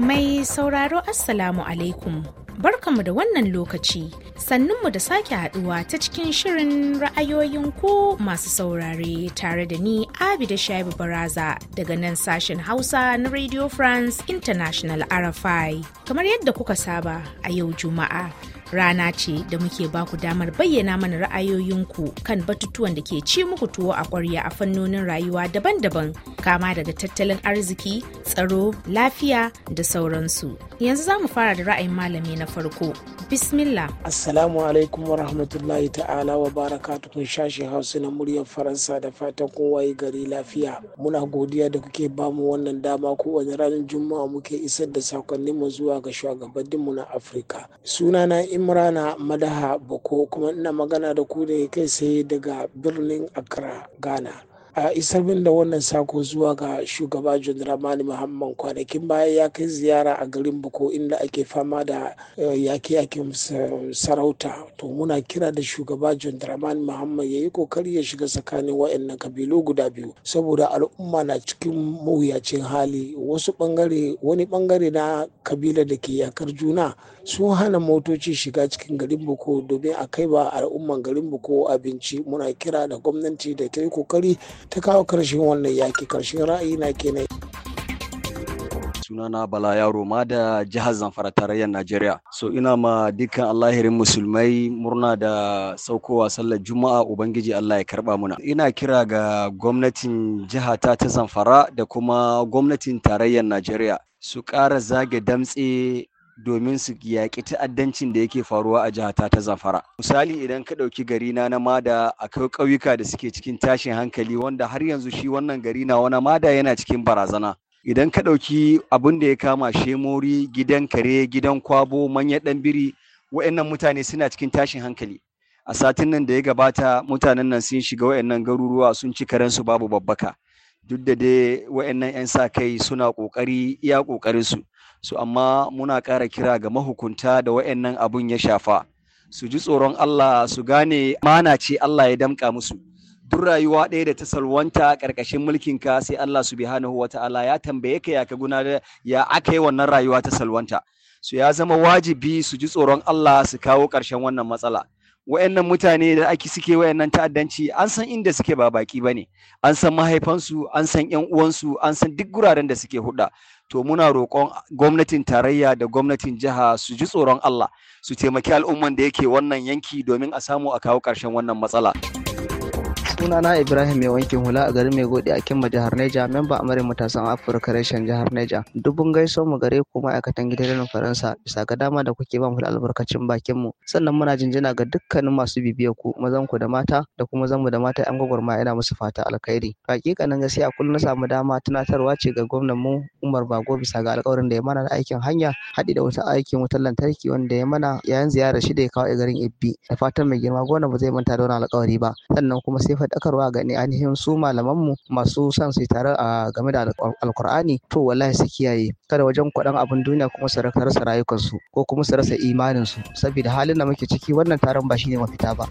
Mai sauraro Assalamu alaikum. Barkanmu da wannan lokaci, sannunmu da sake haduwa ta cikin shirin ra'ayoyin ku masu saurare tare da ni Abida Shaibu Baraza daga nan sashen Hausa na Radio France International RFI. Kamar yadda kuka saba a yau Juma'a, rana ce da muke baku damar bayyana mana ra'ayoyinku kan batutuwan da ke ci muku tuwo a kwarya a fannonin rayuwa daban-daban kama daga tattalin arziki tsaro lafiya da sauransu yanzu za mu fara da ra'ayin malami na farko bismillah assalamu alaikum wa rahmatullahi ta'ala wa baraka tukun shashi hausa na muryar faransa da fatan kowa ya gari lafiya muna godiya da kuke bamu wannan dama kowane ranar juma'a muke isar da sakonnin mu zuwa ga shugabanninmu na afirka sunana imrana madaha bako kuma ina magana da ku ne kai sai daga birnin accra ghana a isar min da wannan sako zuwa ga shugaba john ramani muhammad kwanakin baya ya kai ziyara a garin buko inda ake fama da yaki eh, yakin sarauta to muna kira da shugaba john ramani muhammad ya yi kokari ya shiga tsakanin wa'annan kabilu guda biyu saboda al'umma na cikin mawuyacin hali wasu bangare wani bangare na kabila da ke yakar juna sun hana motoci shiga cikin garin buko domin a kai ba al'umman garin buko abinci muna kira da gwamnati da ta yi kokari ta kawo karshen wannan yaki karshen ra'ayi na kenan sunana bala yaro ma da jihar zamfara tarayyar najeriya so ina ma dukkan allahirin musulmai murna da saukowa sallar juma'a ubangiji allah ya karba muna ina kira ga gwamnatin jihata ta zamfara da kuma gwamnatin tarayyar najeriya su ƙara zage damtse domin su yaƙi ta'addancin da yake faruwa a jihata ta zamfara misali idan ka ɗauki gari na na mada akwai ƙauyuka da suke cikin tashin hankali wanda har yanzu shi wannan gari na wani mada yana cikin barazana idan ka ɗauki abin da ya kama shemori gidan kare gidan kwabo manya ɗan biri wa'annan mutane suna cikin tashin hankali a satin nan da ya gabata mutanen nan sun shiga wa'annan garuruwa sun ci karensu babu babbaka duk da dai wa'annan 'yan sa kai suna ƙoƙari iya ƙoƙarinsu su amma muna ƙara kira ga mahukunta da wa'annan abun ya shafa su ji tsoron Allah su gane mana ce Allah ya damƙa musu duk rayuwa ɗaya da ta salwanta ƙarƙashin mulkinka sai Allah subhanahu wa ta'ala ya tambaye ka ya ka da ya aka yi wannan rayuwa ta salwanta su ya zama wajibi su ji tsoron Allah su kawo ƙarshen wannan matsala wa'annan mutane da ake suke wa'annan ta'addanci an san inda suke ba baki ba ne an san mahaifansu an san yan uwansu an san duk guraren da suke huda to muna roƙon gwamnatin tarayya da gwamnatin jiha su ji tsoron Allah su taimaki al'umman da yake wannan yanki domin a samu a kawo ƙarshen wannan matsala. na ibrahim ya wankin hula a garin mai godi a kimma jihar neja memba amarin matasan afirka reshen jihar neja dubun gaiso mu gare ku ma'aikatan gidan faransa bisa ga dama da kuke ba mu da albarkacin bakin mu sannan muna jinjina ga dukkanin masu bibiyar ku mazan ku da mata da kuma zan mu da mata yan gwagwarma yana musu fata alkhairi hakikanin gaskiya kullum na samu dama tunatarwa ce ga gwamnan mu umar bago bisa ga alkawarin da ya mana na aikin hanya haɗi da wata aikin wutar lantarki wanda ya mana yayin ziyarar shi da ya kawo garin ibbi da fatan mai girma gona ba zai manta da wani alkawari ba sannan kuma sai faɗakarwa ga ainihin su malamanmu masu son su tare a game da alkur'ani to wallahi su kiyaye kada wajen kwaɗan abin duniya kuma su rasa rayukansu ko kuma su rasa imaninsu saboda halin da muke ciki wannan taron ba shi ne mafita ba.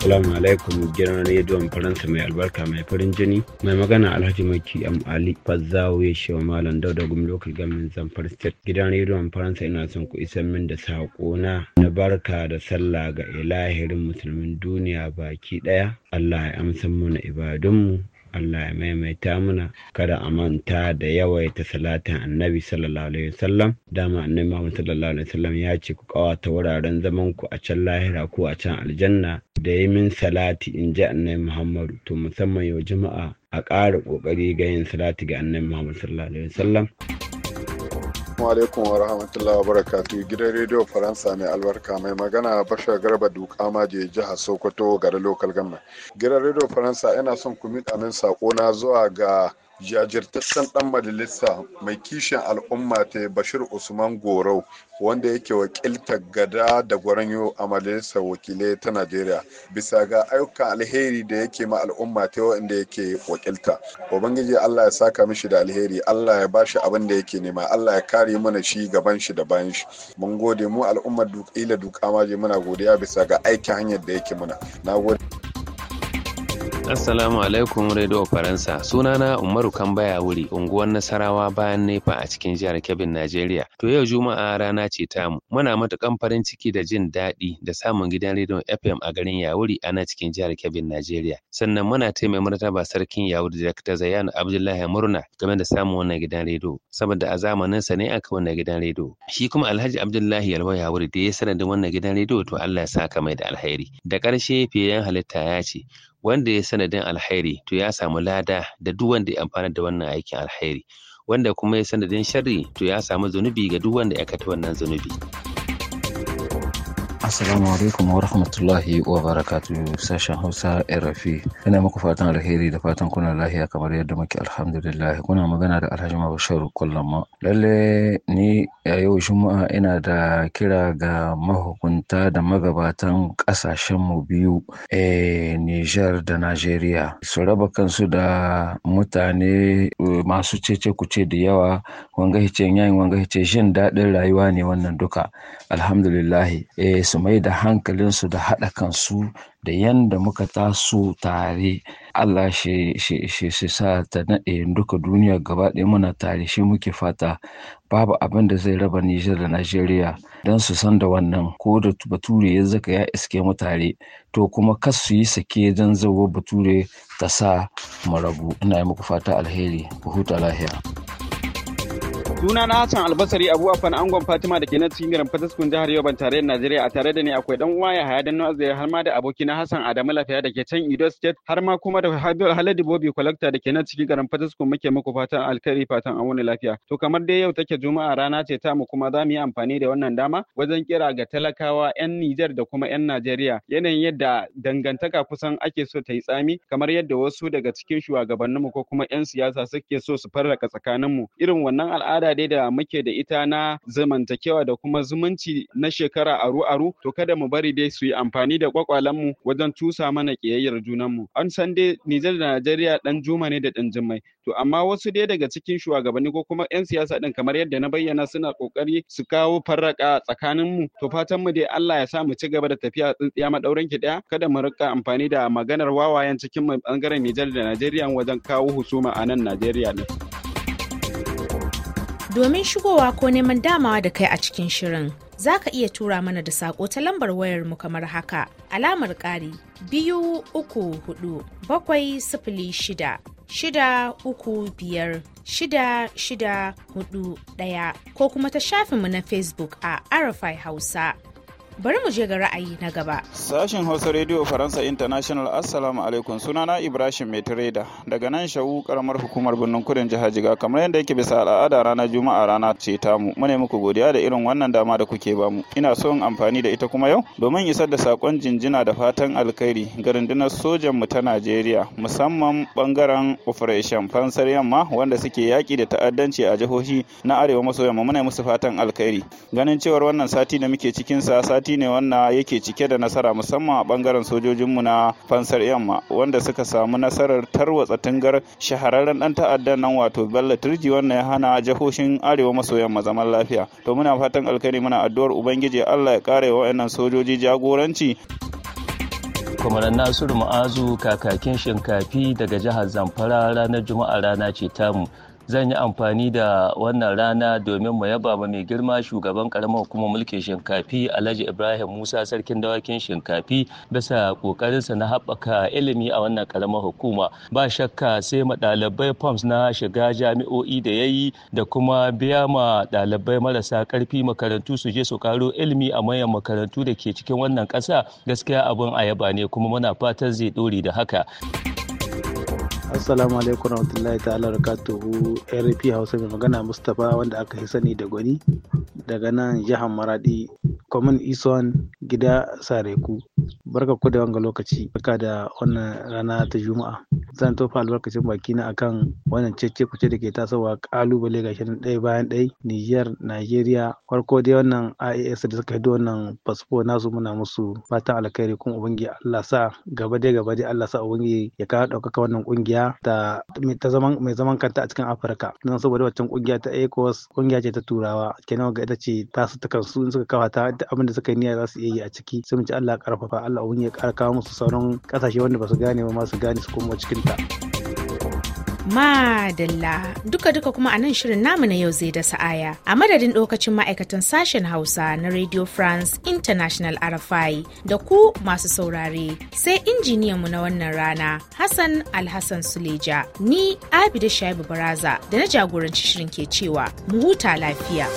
Assalamu alaikum gidan rediyon Faransa mai albarka mai farin jini. Mai magana Alhaji Maki Am Ali Fazzawo ya wa Malam Dauda Gumi Local Government zamfar State. Gidan rediyon Faransa ina son ku isan min da saƙo na Na barka da sallah ga ilahirin musulmin duniya baki ɗaya. Allah ya amsa ibadun mu. Allah ya maimaita mana kada a manta da yawaita salatin annabi sallallahu alaihi wasallam dama annabi Muhammad sallallahu alaihi wasallam ya ce ku kawata wuraren zaman ku a can lahira ko a can aljanna da yi min salati in ji annabi Muhammadu to musamman yau juma'a a ƙara ƙoƙari ga yin salati ga annabi Muhammad sallallahu alaihi wasallam Assalamu alaikum wa rahmatullahi wa barakatu gidan rediyo Faransa mai albarka mai magana Bashar Garba Duka Maje jihar Sokoto garin Lokal Government. Gidan rediyo Faransa yana son ku miƙa min sako na zuwa ga jajirtaccen dan majalisa mai kishin al'umma ta bashir usman gorau wanda yake wakiltar gada da gwaranyo a majalisar wakilai ta najeriya bisa ga ayyukan alheri da yake ma al'umma ta wanda yake wakilta ubangiji allah ya saka mishi da alheri allah ya bashi abin da yake nema allah ya kare mana shi gaban shi da bayan shi mun gode mu al'ummar duk ila duk amaje muna godiya bisa ga aikin hanyar da yake muna na gode Assalamu alaikum Radio Faransa. Sunana Umaru Kambaya wuri unguwar Nasarawa bayan Nefa a cikin jihar Kebbin Najeriya. To yau Juma'a rana ce ta mu Muna matukan farin ciki da jin daɗi da samun gidan rediyon FM a garin Yawuri a nan cikin jihar Kebbin Najeriya. Sannan muna taimai martaba sarkin Yawuri Dr. Zayan Abdullahi Murna game da samun wannan gidan rediyo. Saboda a zamanin sa ne aka wannan gidan rediyo. Shi kuma Alhaji Abdullahi Yalwa Yawuri da ya sanadin wannan gidan rediyo to Allah ya saka mai da alheri. Da ƙarshe yan halitta ya ce wanda ya sanadin alheri to ya samu lada da duk wanda ya amfana da wannan aikin alheri wanda kuma ya sanadin sharri to ya samu zunubi ga duk wanda ya kata wannan zunubi Assalamu alaikum wa rahmatullahi wa barakatu sashen Hausa RFI. Ina muku fatan alheri da fatan kuna lahiya kamar yadda muke alhamdulillah. Kuna magana da Alhaji Mabasharu Kullama. Lalle ni a yau Juma'a ina da kira ga mahukunta da magabatan kasashen mu biyu eh Niger da Najeriya. Su raba kansu da mutane eh, masu cece kuce da yawa wanga hice yayin wanga hice jin daɗin rayuwa ne wannan duka. Alhamdulillah. Eh mai da hankalinsu da haɗa kansu da yanda muka taso tare Allah shi sa ta naɗe duka duniya gaba ɗaya muna tare shi muke fata babu abin da zai raba Nijar da Najeriya don su san da wannan ko da bature ya zaka ya iske mu tare to kuma kas su yi sake don zawo bature ta sa mu rabu ina yi muku fata alheri ku huta lahiya. Suna na Hassan Albasari Abu Afan Angon Fatima da ke nan cikin garin Fataskun jihar tare tarayyar Najeriya a tare da ni akwai dan uwa ya haya danno azai har ma da aboki na Hassan Adamu Lafiya da ke can Edo State har ma kuma da Haladi Bobi Collector da ke nan cikin garin Fataskun muke muku fatan alkhairi fatan an wani lafiya. To kamar dai yau take Juma'a rana ce ta mu kuma za mu yi amfani da wannan dama wajen kira ga talakawa 'yan Nijar da kuma 'yan Najeriya yanayin yadda dangantaka kusan ake so ta yi tsami kamar yadda wasu daga cikin shugabanninmu ko kuma 'yan siyasa suke so su farraka tsakaninmu irin wannan al'ada dai da muke da ita na zamantakewa da kuma zumunci na shekara aru-aru to kada mu bari dai su yi amfani da kwakwalenmu wajen cusa mana ƙiyayyar junanmu. An san dai Nijar da Najeriya ɗan juma ne da ɗan To amma wasu dai daga cikin shugabanni ko kuma 'yan siyasa ɗin kamar yadda na bayyana suna ƙoƙari su kawo farraka tsakaninmu. To fatan mu dai Allah ya sa mu ci gaba da tafiya tsintsiya maɗaurin ki ɗaya kada mu rika amfani da maganar wawayen cikin ɓangaren Nijar da Najeriya wajen kawo husuma a nan Najeriya ɗin. Domin shigowa ko neman damawa da kai a cikin shirin, za ka iya tura mana da saƙo ta lambar wayar mu kamar haka alamar ƙari biyu uku hudu bakwai sifili shida shida uku biyar shida shida hudu ɗaya ko kuma ta shafinmu na Facebook a Arafai Hausa. bari mu je ga ra'ayi na gaba. Sashen Hausa Radio Faransa International Assalamu alaikum sunana Ibrahim Metreda daga nan shawu karamar hukumar birnin kudin jihar Jiga kamar yadda yake bisa al'ada ranar Juma'a rana ce ta mu ne muku godiya da irin wannan dama da kuke ba mu ina son amfani da ita kuma yau domin isar da sakon jinjina da fatan alkhairi ga rundunar sojan mu ta Najeriya musamman bangaren Operation Fansar Yamma wanda suke yaki da ta'addanci a jihohi na Arewa maso yamma muna musu fatan alkhairi ganin cewar wannan sati da muke cikin sa sati ne wannan yake cike da nasara musamman a bangaren sojojinmu na fansar yamma wanda suka samu nasarar tarwatsa tungar shahararren dan ta'addan nan wato Bello Turji wannan ya hana jihohin arewa maso yamma zaman lafiya to muna fatan alkhairi muna addu'ar ubangiji Allah ya kare wayannan sojoji jagoranci kwamanan nasiru ma'azu kakakin shinkafi daga jihar zamfara ranar juma'a rana ce tamu zan yi amfani da wannan rana domin mu yaba ma mai girma shugaban karamar hukumar mulkin shinkafi alhaji ibrahim musa sarkin dawakin shinkafi bisa kokarinsa na haɓaka ilimi a wannan karamar hukuma ba shakka sai ma ɗalibai forms na shiga jami'o'i da ya yi da kuma biya ma ɗalibai marasa ƙarfi makarantu su je su karo ilimi a manyan makarantu da ke cikin wannan ƙasa gaskiya abin a yaba ne kuma muna fatan zai ɗore da haka. assalamu alaikum rahmatullahi ta'ala barakatuhu rp hausa mai magana mustapha wanda aka fi sani da gwani daga nan jihar maradi common ison gida sareku barka ku da wanga lokaci barka da wannan rana ta juma'a zan tofa albarkacin baki na akan wannan cece kuce da ke tasowa kalubale ga shirin ɗaya bayan ɗaya niger nigeria farko dai wannan ias da suka haido wannan fasfo nasu muna musu fatan alkhairi kuma ubangi allah sa gaba dai gaba dai allah sa ubangi ya kawo ɗaukaka wannan kungiya ta mai zaman kanta a cikin afirka don saboda waccan kungiya ta ecos kungiya ce ta turawa kenan ga ita ce tasu ta kansu suka kawo ta abin suka yi niyya za su iya yi a ciki sai mu ci allah karfafa allah abun ya ƙara musu sauran ƙasashe wanda ba su gane ba ma gane su kuma cikin ta. Madalla duka-duka kuma a nan shirin namu na yau zai da sa'aya a madadin ɗokacin ma'aikatan sashen Hausa na Radio France International RFI da ku masu saurare sai mu na wannan rana Hassan Alhassan Suleja ni Abida Shaibu Baraza da na jagoranci shirin ke cewa mu huta lafiya.